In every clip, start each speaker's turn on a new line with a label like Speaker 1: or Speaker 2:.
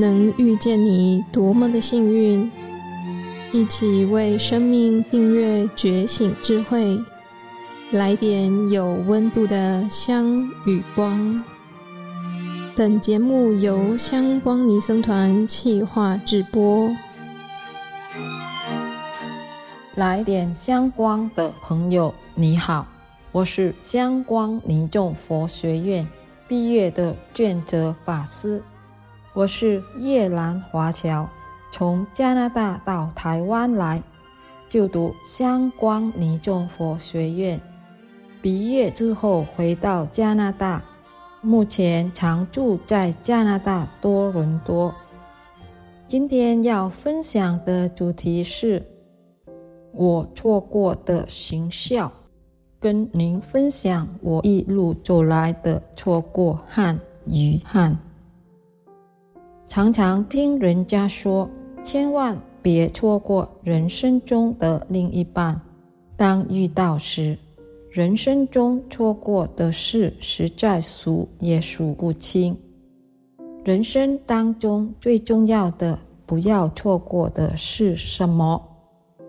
Speaker 1: 能遇見你多麼的幸運！一起為生命訂閱覺醒智慧，來點有溫度的香與光。本節目由香光尼僧團企劃制播。來點香光的朋友，你好，我是香光尼眾佛學院畢業的見澤法師。我是越南華僑，從加拿大到台灣來就讀香光尼眾佛學院，畢業之後回到加拿大，目前常住在加拿大多倫多。今天要分享的主題是，我錯過的行孝，跟您分享我一路走來的錯過和遺憾。常常聽人家說，千萬別錯過人生中的另一半。當遇到時，人生中錯過的事實在數也數不清。人生當中最重要的，不要錯過的是什麼？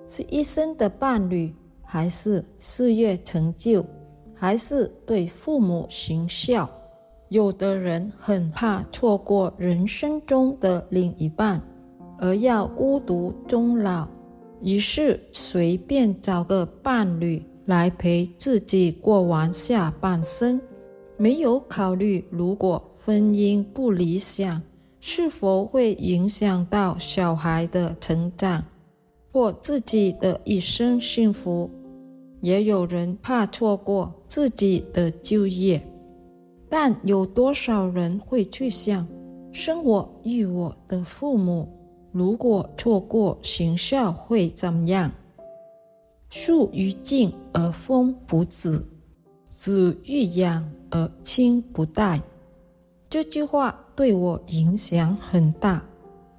Speaker 1: 是一生的伴侶，還是事業成就，還是對父母行孝？有的人很怕錯過人生中的另一半，而要孤獨終老，於是隨便找個伴侶來陪自己過完下半生，沒有考慮如果婚姻不理想，是否會影響到小孩的成長，或自己的一生幸福。也有人怕錯過自己的就業。但有多少人會去想，生我育我的父母，如果錯過行孝會怎麼樣？樹欲靜而風不止，子欲養而親不待。這句話對我影響很大。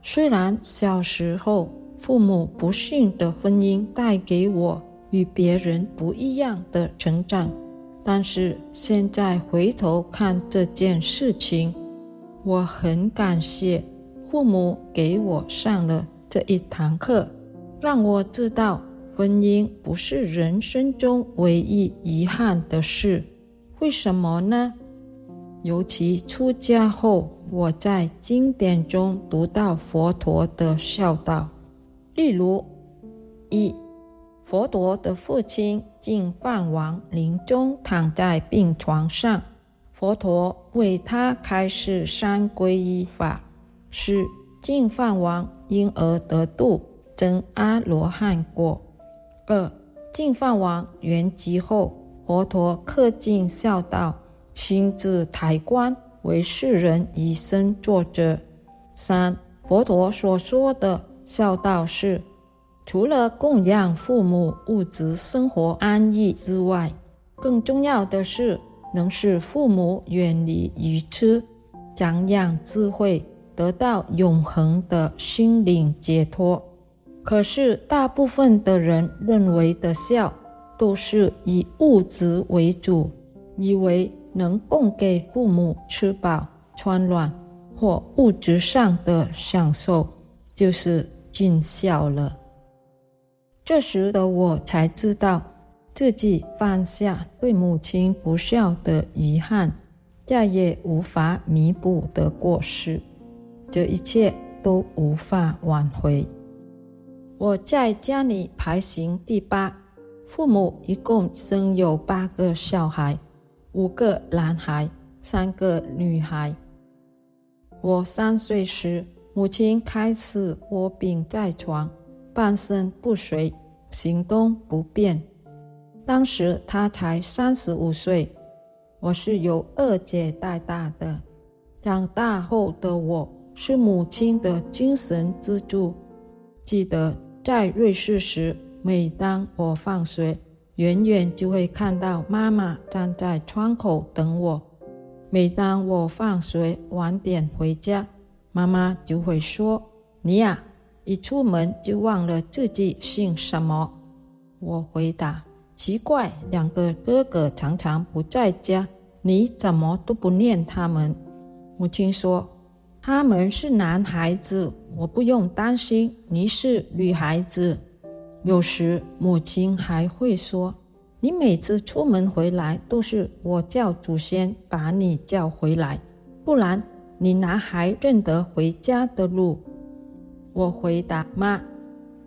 Speaker 1: 雖然小時候父母不幸的婚姻帶給我與別人不一樣的成長。但是現在回頭看這件事情，我很感謝父母給我上了這一堂課，讓我知道婚姻不是人生中唯一遺憾的事。為什麼呢？尤其出家後，我在經典中讀到佛陀的孝道，例如一。佛陀的父親淨飯王臨終躺在病床上，佛陀為他開示三皈依法，使淨飯王因而得度，證阿羅漢果。二、淨飯王圓寂後，佛陀恪盡孝道，親自抬棺，為世人以身作則。三、佛陀所說的孝道是。除了供養父母物質生活安逸之外，更重要的是能使父母遠離愚痴，長養智慧，得到永恆的心靈解脫。可是，大部分的人認為的孝，都是以物質為主，以為能供給父母吃飽穿暖或物質上的享受，就是盡孝了。這時的我才知道，自己犯下對母親不孝的遺憾，再也無法彌補的過失。這一切都無法挽回。我在家裡排行第八，父母一共生有八個小孩，五個男孩，三個女孩。我三歲時，母親開始臥病在床。半身不遂，行動不便。當時她才三十五歲，我是由二姐帶大的。長大後的我，是母親的精神支柱。記得在瑞士時，每當我放學，遠遠就會看到媽媽站在窗口等我。每當我放學晚點回家，媽媽就會說：“你呀、啊。一出門就忘了自己姓什麼。我回答：“奇怪，兩個哥哥常常不在家，你怎麼都不念他們？”母親說：“他們是男孩子，我不用擔心。你是女孩子。”有時母親還會說：“你每次出門回來都是我叫祖先把你叫回來，不然你哪還認得回家的路？”我回答媽：“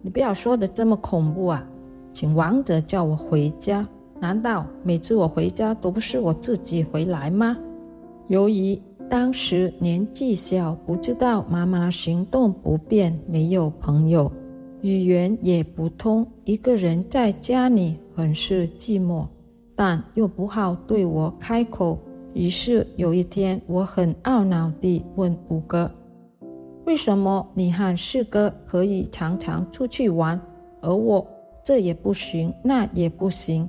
Speaker 1: 你不要說的這麼恐怖啊，請王者叫我回家。難道每次我回家都不是我自己回來嗎？”由於當時年紀小，不知道媽媽行動不便，沒有朋友，語言也不通，一個人在家裡很是寂寞，但又不好對我開口。於是有一天，我很懊惱地問五哥。為什麼你和四哥可以常常出去玩，而我這也不行那也不行？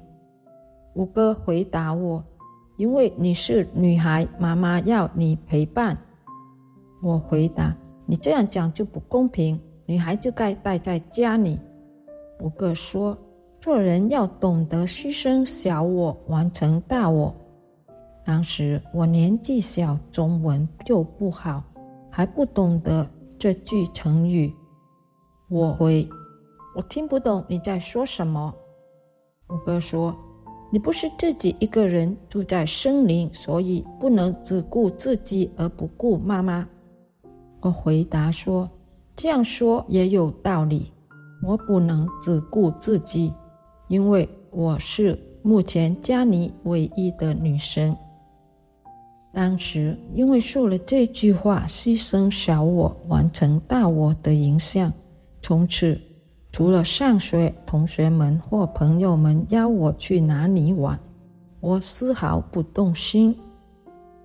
Speaker 1: 五哥回答我：“因為你是女孩，媽媽要你陪伴。”我回答：“你這樣講就不公平，女孩就該待在家裡。”五哥說：“做人要懂得犧牲小我，完成大我。”當時我年紀小，中文又不好。還不懂得這句成語，我回，我聽不懂你在說什麼。五哥說：“你不是自己一個人住在森林，所以不能只顧自己而不顧媽媽。”我回答說：“這樣說也有道理，我不能只顧自己，因為我是目前家裡唯一的女生。”當時因為受了這句話“犧牲小我，完成大我”的影響，從此除了上學，同學們或朋友們邀我去哪裡玩，我絲毫不動心。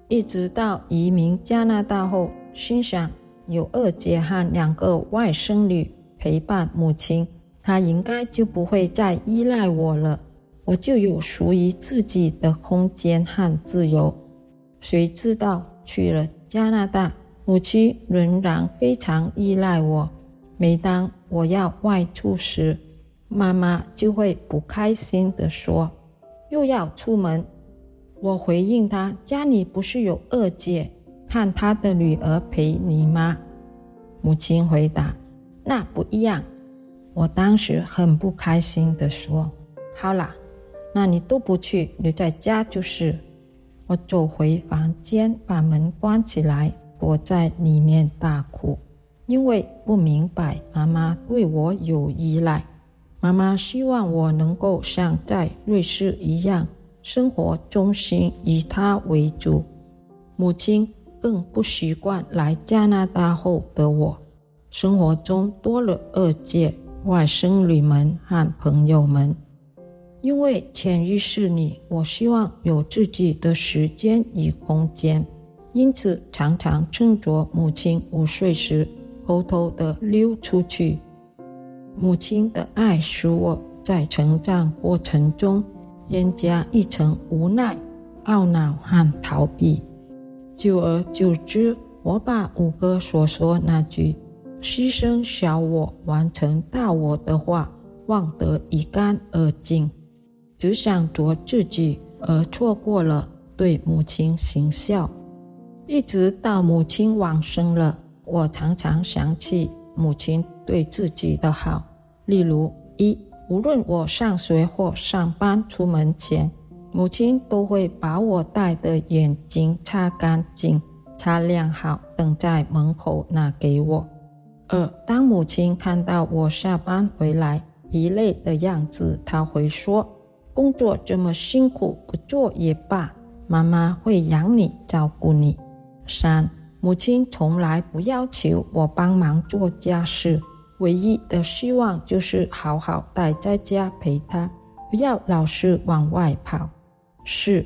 Speaker 1: 一直到移民加拿大後，心想有二姐和兩個外甥女陪伴母親，她應該就不會再依賴我了，我就有屬於自己的空間和自由。誰知道去了加拿大，母親仍然非常依賴我。每當我要外出時，媽媽就會不開心地說：“又要出門。”我回應她：“家裡不是有二姐，看她的女兒陪你嗎？”母親回答：“那不一樣。”我當時很不開心地說：“好啦，那你都不去，留在家就是。”我走回房間，把門關起來，我在裡面大哭，因為不明白媽媽對我有依賴。媽媽希望我能夠像在瑞士一樣，生活重心以她為主。母親更不習慣來加拿大後的我，生活中多了二姐、外甥女們和朋友們。因為潛意識裡，我希望有自己的時間與空間，因此常常趁着母親午睡時偷偷地溜出去。母親的愛使我在成長過程中添加一層無奈、懊惱和逃避。久而久之，我把五哥所說那句“犧牲小我，完成大我”的話忘得一乾二淨。只想着自己，而錯過了對母親行孝。一直到母親往生了，我常常想起母親對自己的好。例如：一，無論我上學或上班出門前，母親都會把我戴的眼鏡擦乾淨、擦亮好，等在門口拿給我。二，當母親看到我下班回來，疲累的樣子，她會說。工作這麼辛苦，不做也罷。媽媽會養你，照顧你。三，母親從來不要求我幫忙做家事，唯一的希望就是好好待在家陪她，不要老是往外跑。四，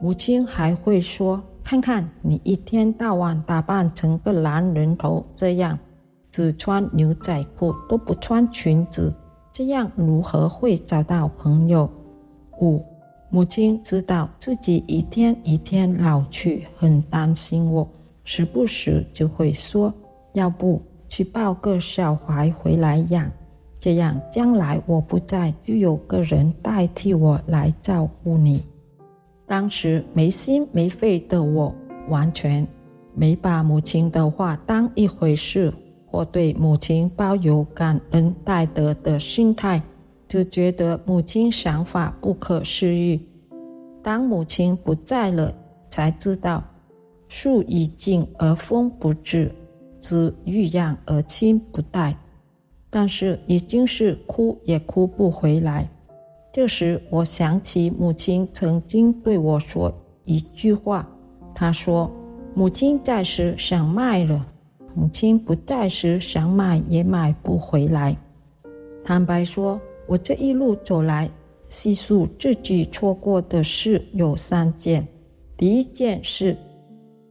Speaker 1: 母親還會說：“看看你一天到晚打扮成個男人頭這樣，只穿牛仔褲都不穿裙子，這樣如何會找到朋友？”五，母親知道自己一天一天老去，很擔心我，時不時就會說：“要不去抱個小孩回來養，這樣將來我不在，就有個人代替我來照顧你。”當時沒心沒肺的我，完全沒把母親的話當一回事，或對母親抱有感恩戴德的心態。只覺得母親想法不可思議。當母親不在了，才知道樹欲靜而風不止，子欲養而親不待。但是已經是哭也哭不回來。這時我想起母親曾經對我說一句話：“她說，母親在時想賣了，母親不在時想買也買不回來。”坦白說。我這一路走來，細數自己錯過的事有三件：第一件事，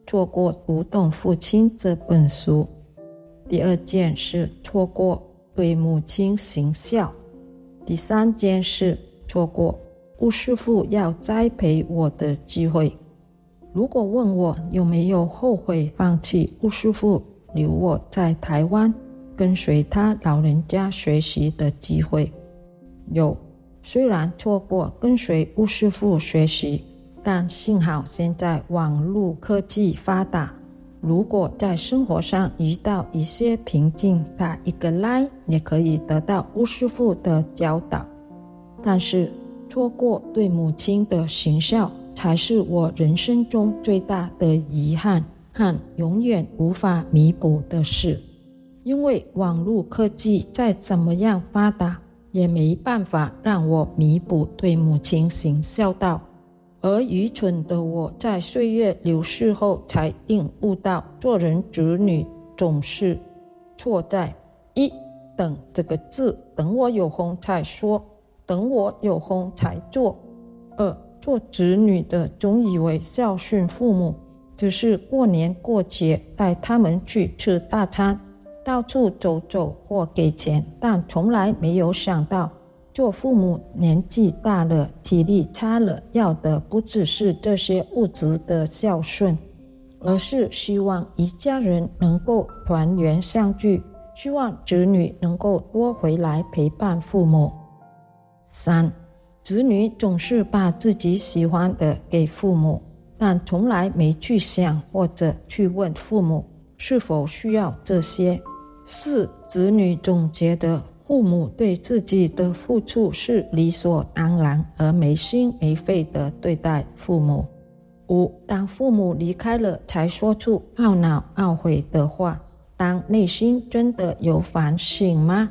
Speaker 1: 錯過讀懂父親這本書；第二件是錯過對母親行孝；第三件事，錯過吳師傅要栽培我的機會。如果問我有沒有後悔放棄吳師傅留我在台灣跟隨他老人家學習的機會？有，雖然錯過跟隨鄔師傅學習，但幸好現在網絡科技發達。如果在生活上遇到一些瓶頸，打一個 LINE 也可以得到鄔師傅的教導。但是錯過對母親的行孝，才是我人生中最大的遺憾和永遠無法彌補的事。因為網絡科技再怎麼樣發達。也沒辦法讓我彌補對母親行孝道，而愚蠢的我在歲月流逝後才領悟到，做人子女總是錯在一等這個字，等我有空才說，等我有空才做。二，做子女的總以為孝順父母只是過年過節帶他們去吃大餐。到處走走或給錢，但從來沒有想到，做父母年紀大了，體力差了，要的不只是這些物質的孝順，而是希望一家人能夠團圓相聚，希望子女能夠多回來陪伴父母。三，子女總是把自己喜歡的給父母，但從來沒去想或者去問父母是否需要這些。四，子女總覺得父母對自己的付出是理所當然，而沒心沒肺地對待父母。五，當父母離開了，才說出懊惱、懊悔的話，當內心真的有反省嗎？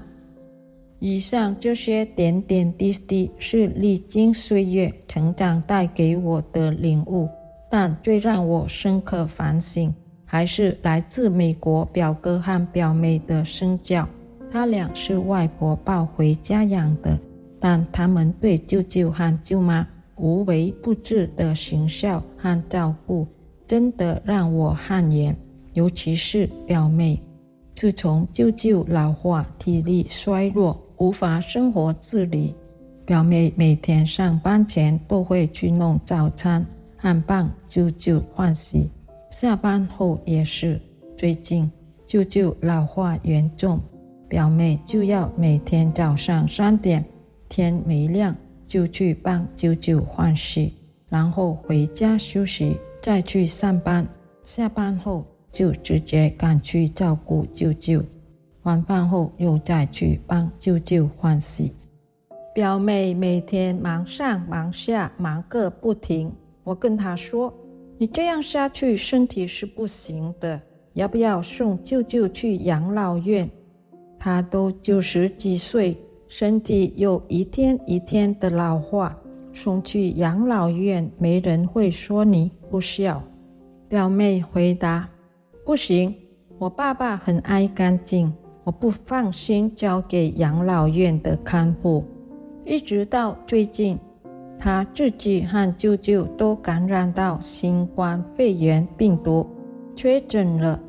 Speaker 1: 以上這些點點滴滴是歷經歲月、成長帶給我的領悟，但最讓我深刻反省。還是來自美國表哥和表妹的身教，他倆是外婆抱回家養的。但他們對舅舅和舅媽無微不至的行孝和照顧，真的讓我汗顏。尤其是表妹，自從舅舅老化、體力衰弱，無法生活自理，表妹每天上班前都會去弄早餐，還幫舅舅換洗。下班後也是，最近舅舅老化嚴重，表妹就要每天早上三點天沒亮就去幫舅舅換洗，然後回家休息，再去上班。下班後就直接趕去照顧舅舅，晚飯後又再去幫舅舅換洗。表妹每天忙上忙下，忙個不停。我跟她說。你這樣下去，身體是不行的。要不要送舅舅去養老院？他都九十幾歲，身體又一天一天的老化，送去養老院，沒人會說你不孝。表妹回答：“不行，我爸爸很愛乾淨，我不放心交給養老院的看護。”一直到最近，他自己和舅舅都感染到新冠肺炎病毒，確診了。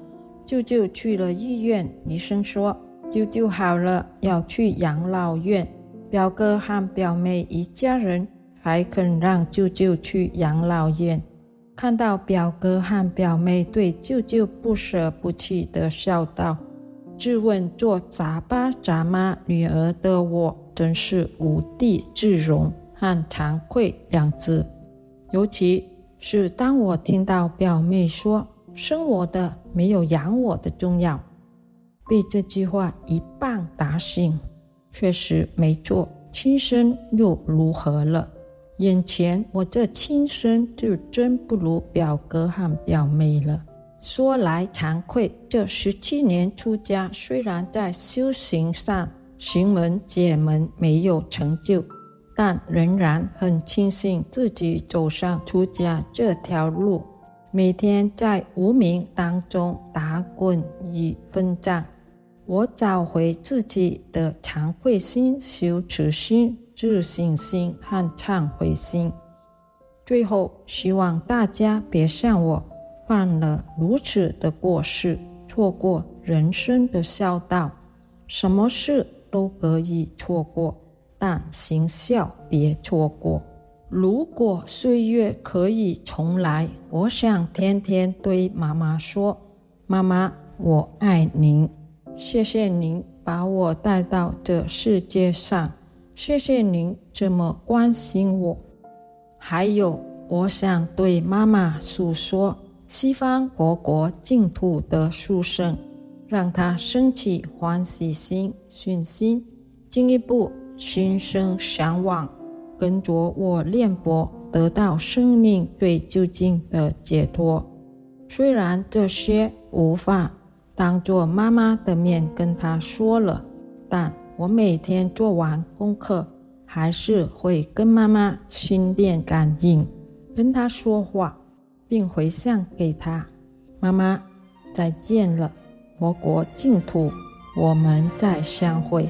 Speaker 1: 舅舅去了醫院，醫生說舅舅好了，要去養老院。表哥和表妹一家人還肯讓舅舅去養老院。看到表哥和表妹對舅舅不捨不棄的孝道，質問做咱爸咱媽女兒的我，真是無地自容。和慚愧兩字，尤其是當我聽到表妹說“生我的沒有養我的重要”，被這句話一棒打醒，確實沒錯，親生又如何了？眼前我這親生就真不如表哥和表妹了。說來慚愧，這十七年出家，雖然在修行上，行門、解門沒有成就。但仍然很慶幸自己走上出家這條路，每天在無明當中打滾與奮戰。我找回自己的慚愧心、羞恥心、自信心、心和懺悔心。最後，希望大家別像我犯了如此的過失，錯過人生的孝道。什麼事都可以錯過。但行孝別錯過。如果歲月可以重來，我想天天對媽媽說：“媽媽，我愛您，謝謝您把我帶到這世界上，謝謝您這麼關心我。”還有，我想對媽媽訴說西方國國淨土的殊勝，讓她生起歡喜心、信心，進一步。心生嚮往，跟着我念佛，得到生命最究竟的解脫。雖然這些無法當做媽媽的面跟他說了，但我每天做完功課，還是會跟媽媽心電感應，跟他說話，並迴向給他。媽媽，再見了，佛國淨土，我們再相會。